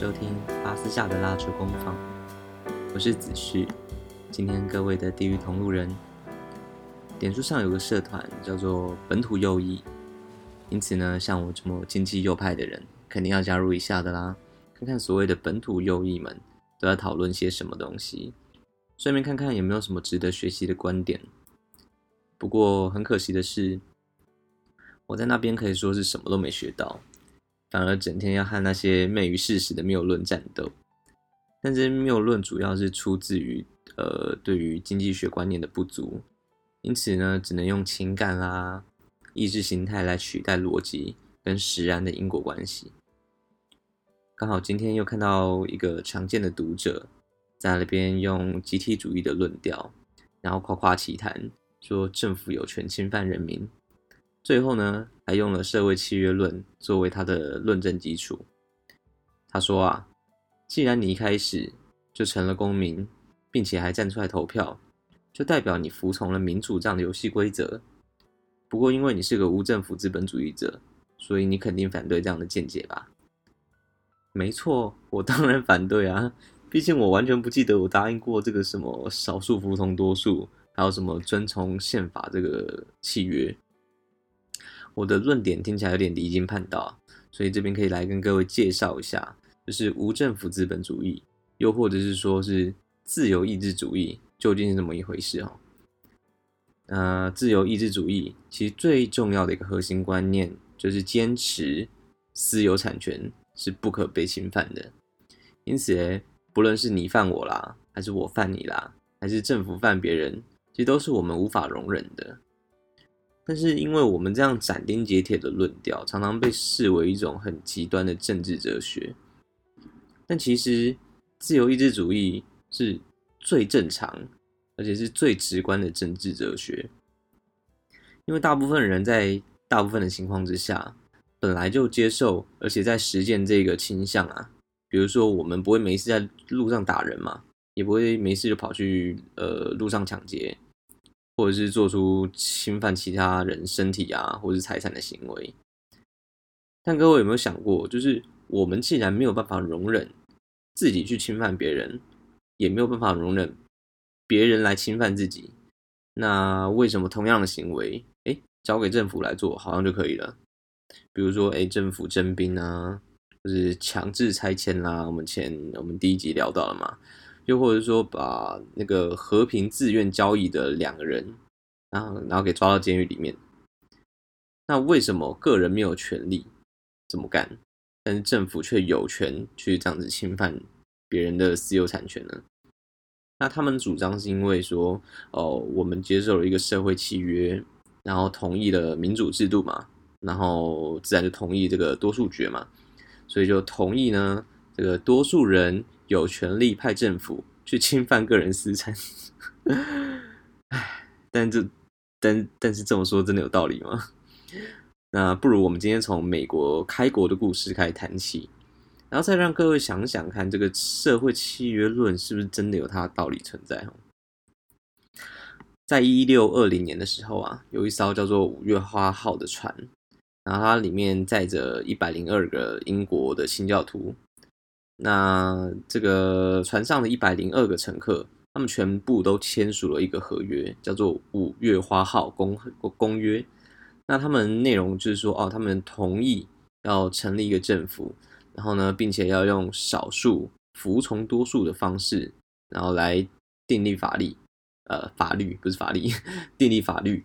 收聽巴斯夏的蠟燭工坊，我是子旭，今天各位的地獄同路人，點書上有個社團叫做本土右翼，因此呢，像我這麼經濟右派的人，肯定要加入一下的啦。看看所謂的本土右翼們都在討論些什麼東西，順便看看有沒有什麼值得學習的觀點。不過很可惜的是，我在那邊可以說是什麼都沒學到。反而整天要和那些昧於事實的謬論戰鬥，但這些謬論主要是出自於呃對於經濟學觀念的不足，因此呢，只能用情感啦、啊、意識形態來取代邏輯跟實然的因果關係。剛好今天又看到一個常見的讀者在那邊用集體主義的論調，然後誇誇其談說政府有權侵犯人民。最後呢，還用了社會契約論作為他的論證基礎。他說啊，既然你一開始就成了公民，並且還站出來投票，就代表你服從了民主這樣的遊戲規則。不過，因為你是個無政府資本主義者，所以你肯定反對這樣的見解吧？沒錯，我當然反對啊！畢竟我完全不記得我答應過這個什麼少數服從多數，還有什麼遵從憲法這個契約。我的論點聽起來有點離經叛道，所以這邊可以來跟各位介紹一下，就是無政府資本主義，又或者是說是自由意志主義，究竟是怎麼一回事哦？呃，自由意志主義其實最重要的一個核心觀念，就是堅持私有產權是不可被侵犯的。因此，不論是你犯我啦，還是我犯你啦，還是政府犯別人，其實都是我們無法容忍的。但是，因為我們這樣斬釘截鐵的論調，常常被視為一種很極端的政治哲學。但其實，自由意志主義是最正常，而且是最直觀的政治哲學。因為大部分人在大部分的情況之下，本來就接受，而且在實踐這個傾向啊。比如說，我們不會沒事在路上打人嘛，也不會沒事就跑去，呃，路上搶劫。或者是做出侵犯其他人身體啊，或者是財產的行為，但各位有沒有想過，就是我們既然沒有辦法容忍自己去侵犯別人，也沒有辦法容忍別人來侵犯自己，那為什麼同樣的行為，欸，交給政府來做好像就可以了？比如說，欸，政府徵兵啊，就是強制拆遷啦，我們前我們第一集聊到了嘛。又或者說，把那個和平自願交易的兩個人，然後然後給抓到監獄裡面。那為什麼個人沒有權利這麼幹，但是政府卻有權去這樣子侵犯別人的私有產權呢？那他們主張是因為說，哦，我們接受了一個社會契約，然後同意了民主制度嘛，然後自然就同意這個多數決嘛，所以就同意呢，這個多數人，有權利派政府去侵犯個人私產， 唉，但這但但是這麼說真的有道理嗎？那不如我們今天從美國開國的故事開始談起，然後再讓各位想想看，這個社會契約論是不是真的有它的道理存在？在一六二零年的時候啊，有一艘叫做五月花號的船，然後它裡面載着一百零二個英國的新教徒。那這個船上的一百零二個乘客，他們全部都簽署了一個合約，叫做《五月花號公公約》。那他們內容就是說，哦，他們同意要成立一個政府，然後呢，並且要用少數服從多數的方式，然後來訂立法律。呃，法律不是法律，訂 立法律。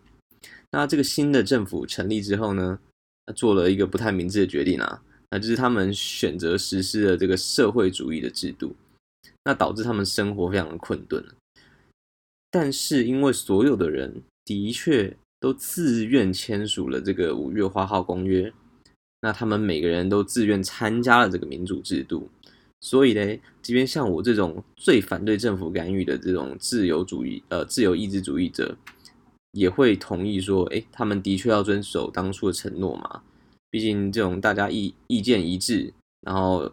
那這個新的政府成立之後呢，他做了一個不太明智的決定啊。那、啊、就是他們選擇實施了這個社會主義的制度，那導致他們生活非常的困頓。但是因為所有的人的確都自願簽署了這個《五月花號公約》，那他們每個人都自願參加了這個民主制度，所以呢，即便像我這種最反對政府干預的這種自由主義呃自由意志主義者，也會同意說，誒，他們的確要遵守當初的承諾嘛。畢竟，這種大家意意見一致，然後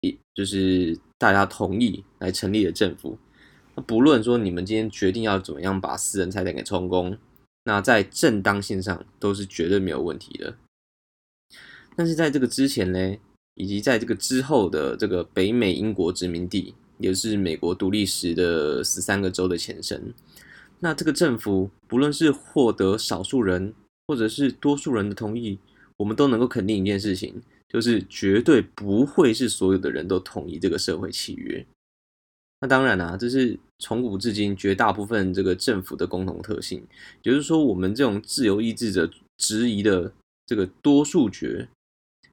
一就是大家同意來成立的政府，那不論說你們今天決定要怎麼樣把私人財產給充公，那在正當性上都是絕對沒有問題的。但是在這個之前呢，以及在這個之後的這個北美英國殖民地，也就是美國獨立時的十三個州的前身，那這個政府不論是獲得少數人或者是多數人的同意。我們都能夠肯定一件事情，就是絕對不會是所有的人都同意這個社會契約。那當然啦、啊，這是從古至今絕大部分這個政府的共同特性，也就是說，我們這種自由意志者質疑的這個多數決，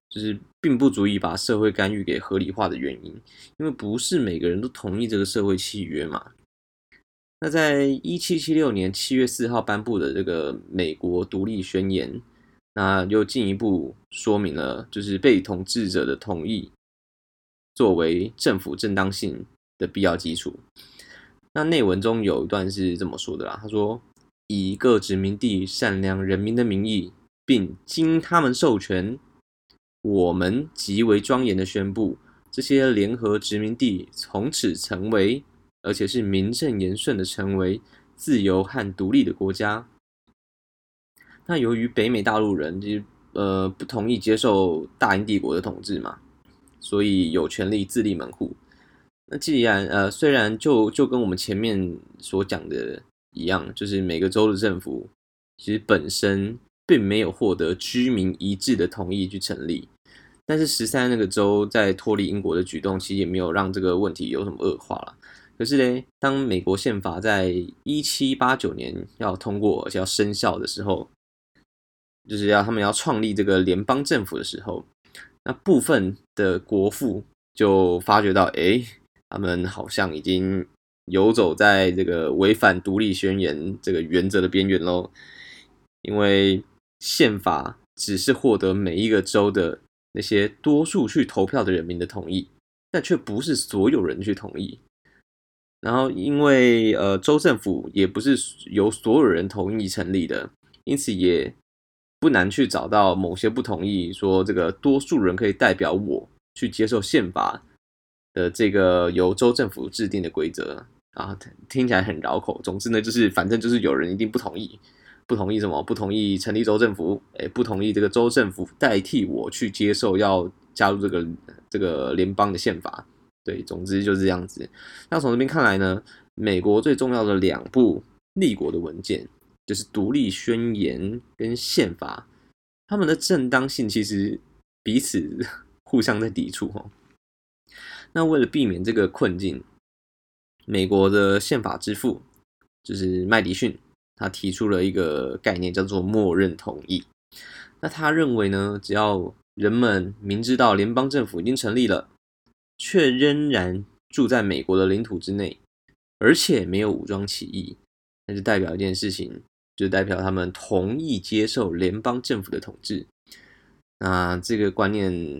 就是並不足以把社會干預給合理化的原因，因為不是每個人都同意這個社會契約嘛。那在一七七六年七月四號頒布的這個美國獨立宣言，那又進一步說明了，就是被統治者的同意作為政府正當性的必要基礎。那內文中有一段是這麼說的啦，他說：“以各殖民地善良人民的名義，並經他們授權，我們極為莊嚴地宣布，這些聯合殖民地從此成為，而且是名正言順地成為自由和獨立的國家。”那由於北美大陸人其實呃不同意接受大英帝國的統治嘛，所以有權利自立門戶。那既然呃雖然就就跟我們前面所講的一樣，就是每個州的政府其實本身並沒有獲得居民一致的同意去成立，但是十三那個州在脫離英國的舉動其實也沒有讓這個問題有什麼惡化啦。可是嘞，當美國憲法在一七八九年要通過而且要生效的時候，就是要他們要創立這個聯邦政府的時候，那部分的國父就發覺到，哎，他們好像已經游走在這個違反獨立宣言這個原則的邊緣嘍。因為憲法只是獲得每一個州的那些多數去投票的人民的同意，但卻不是所有人去同意。然後，因為呃，州政府也不是由所有人同意成立的，因此也。不難去找到某些不同意說這個多數人可以代表我去接受憲法的這個由州政府制定的規則啊，聽起來很繞口。總之呢，就是反正就是有人一定不同意。不同意什麼？不同意成立州政府？哎、欸，不同意這個州政府代替我去接受要加入這個這個聯邦的憲法？對，總之就是這樣子。那從這邊看來呢，美國最重要的兩部立國的文件。就是《獨立宣言》跟憲法，他們的正當性其實彼此互相在抵觸哦。那為了避免這個困境，美國的憲法之父就是麥迪遜，他提出了一個概念叫做“默認同意”。那他認為呢，只要人們明知道聯邦政府已經成立了，卻仍然住在美國的領土之內，而且沒有武裝起義，那就代表一件事情。就代表他們同意接受聯邦政府的統治。那這個觀念，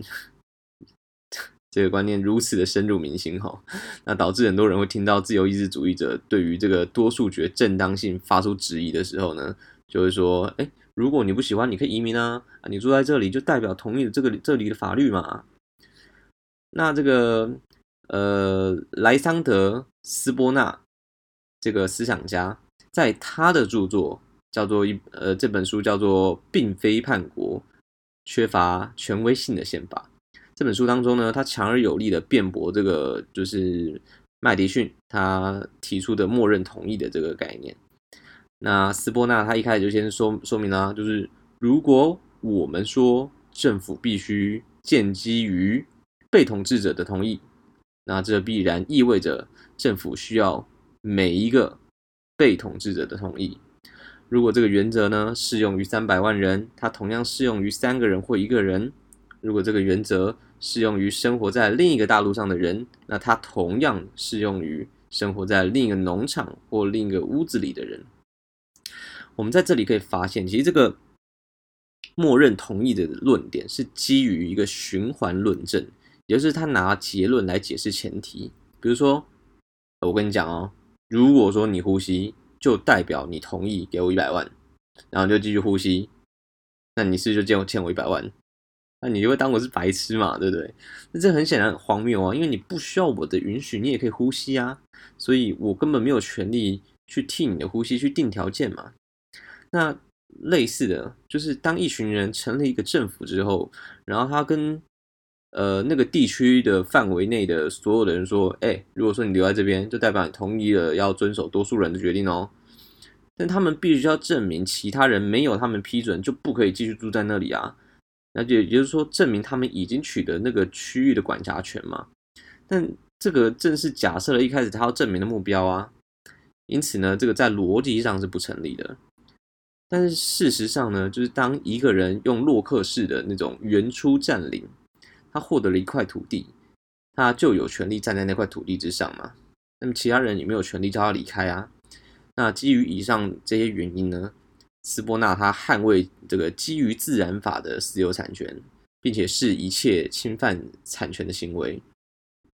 這個觀念如此的深入民心齁，那導致很多人會聽到自由意志主義者對於這個多數決正當性發出質疑的時候呢，就是說，哎，如果你不喜歡，你可以移民啊，你住在這裡就代表同意這個這裡的法律嘛。那這個呃，萊桑德斯波納這個思想家在他的著作。叫做一呃，這本書叫做《並非叛國：缺乏權威性的憲法》。這本書當中呢，他強而有力的辯駁這個就是麥迪遜他提出的默認同意的這個概念。那斯波納他一開始就先說說明啊，就是如果我們說政府必須建基於被統治者的同意，那這必然意味着政府需要每一個被統治者的同意。如果這個原則呢，適用於三百萬人，它同樣適用於三個人或一個人。如果這個原則適用於生活在另一個大陸上的人，那它同樣適用於生活在另一個農場或另一個屋子裡的人。我們在這裡可以發現，其實這個默認同意的論點是基於一個循環論證，也就是他拿結論來解釋前提。比如說，我跟你講哦，如果說你呼吸。就代表你同意給我一百萬，然後就繼續呼吸。那你是不是就欠我欠我一百萬，那你就會當我是白痴嘛，對不對？那這很顯然荒謬啊，因為你不需要我的允許，你也可以呼吸啊。所以我根本沒有權利去替你的呼吸去定條件嘛。那類似的就是，當一群人成立一個政府之後，然後他跟呃，那個地區的範圍內的所有的人說，哎、欸，如果說你留在這邊，就代表你同意了要遵守多數人的決定哦。但他們必須要證明，其他人沒有他們批准就不可以繼續住在那裡啊。那就也就是說，證明他們已經取得那個區域的管轄權嘛。但這個正是假設了一開始他要證明的目標啊。因此呢，這個在邏輯上是不成立的。但是事實上呢，就是當一個人用洛克式的那種原初占領。他獲得了一塊土地，他就有權利站在那塊土地之上嘛？那麼其他人也沒有權利叫他離開啊？那基於以上這些原因呢，斯波納他捍衛這個基於自然法的私有產權，並且是一切侵犯產權的行為，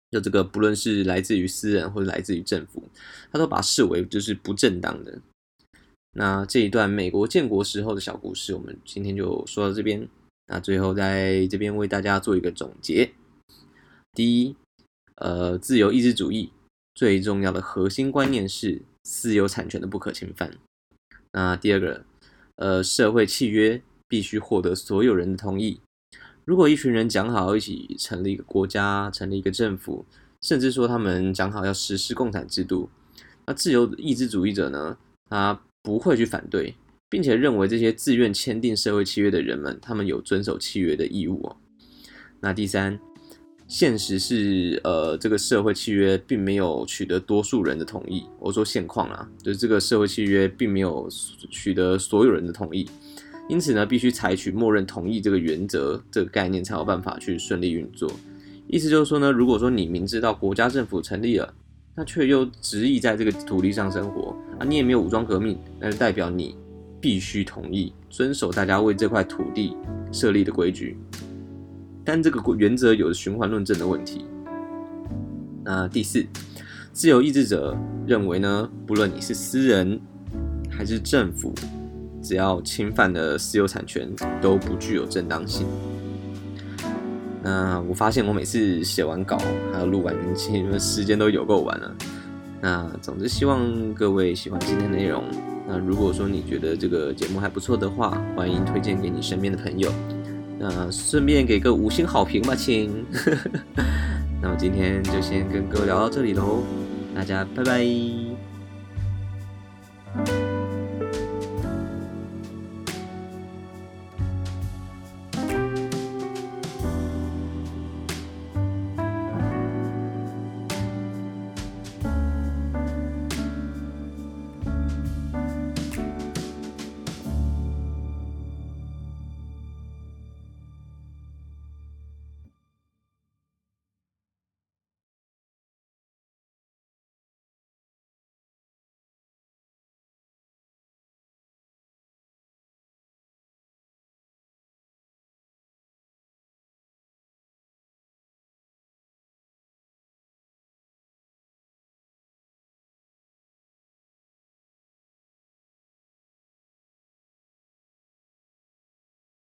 就這個不論是來自於私人或者來自於政府，他都把它視為就是不正當的。那這一段美國建國時候的小故事，我們今天就說到這邊。那最後在這邊為大家做一個總結，第一，呃，自由意志主義最重要的核心觀念是私有產權的不可侵犯。那第二個，呃，社會契約必須獲得所有人的同意。如果一群人講好一起成立一個國家，成立一個政府，甚至說他們講好要實施共產制度，那自由意志主義者呢，他不會去反對。並且認為這些自願簽訂社會契約的人們，他們有遵守契約的義務哦、喔。那第三，現實是，呃，這個社會契約並沒有取得多數人的同意，我說現況啊，就是這個社會契約並沒有取得所有人的同意，因此呢，必須採取默認同意這個原則，這個概念才有辦法去順利運作。意思就是說呢，如果說你明知道國家政府成立了，那卻又執意在這個土地上生活啊，你也沒有武裝革命，那就代表你。必須同意遵守大家為這塊土地設立的規矩，但這個原則有着循環論證的問題。那第四，自由意志者認為呢，不論你是私人還是政府，只要侵犯了私有產權，都不具有正當性。那我發現我每次寫完稿還有錄完音，時間都有夠晚了。那總之，希望各位喜歡今天的內容。那如果說你覺得這個節目還不錯的話，歡迎推薦給你身邊的朋友。那順便給個五星好評吧，親。 那我今天就先跟各位聊到這裡嘍，大家拜拜。